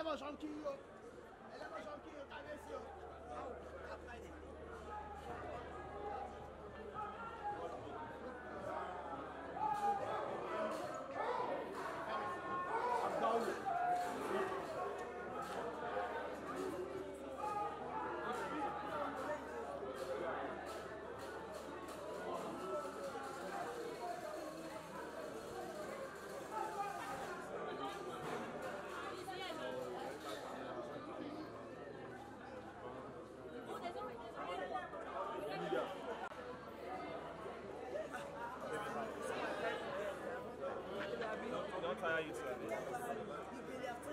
ẹlẹ́mọ̀ṣọ́ ń kí yín o ẹlẹ́mọ̀ṣọ́ ń kí yín o kábíyèsí o. Ankara'ya isso. Bilyatta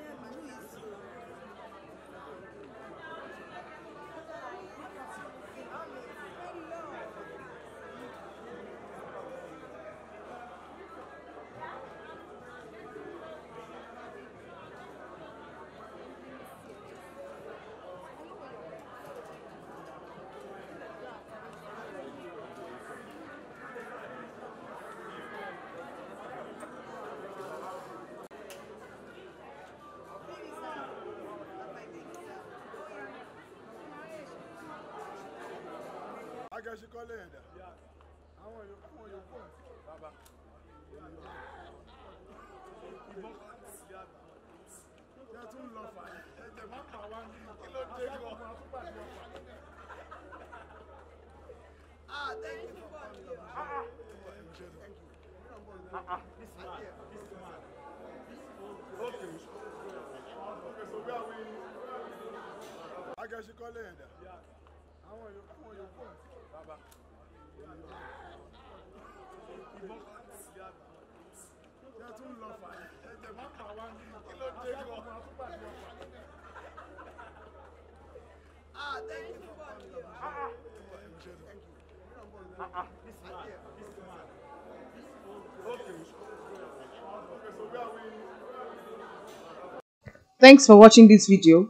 you kẹ́ ṣe Yeah. How are you? How are you? Ṣé tún lọ fà á? Ẹ̀jẹ̀ má pa wá ní kí ló dé lọ. Ah, thank you for coming. Ah, ah. Thank you. Ah, ah. This man. This man. Okay. Okay, so where are we? Agẹ́sí kọ́lé yẹn Yeah. bàbá Ah, thank you thank you. Ah, ah, this man, this man. Thanks for watching this video.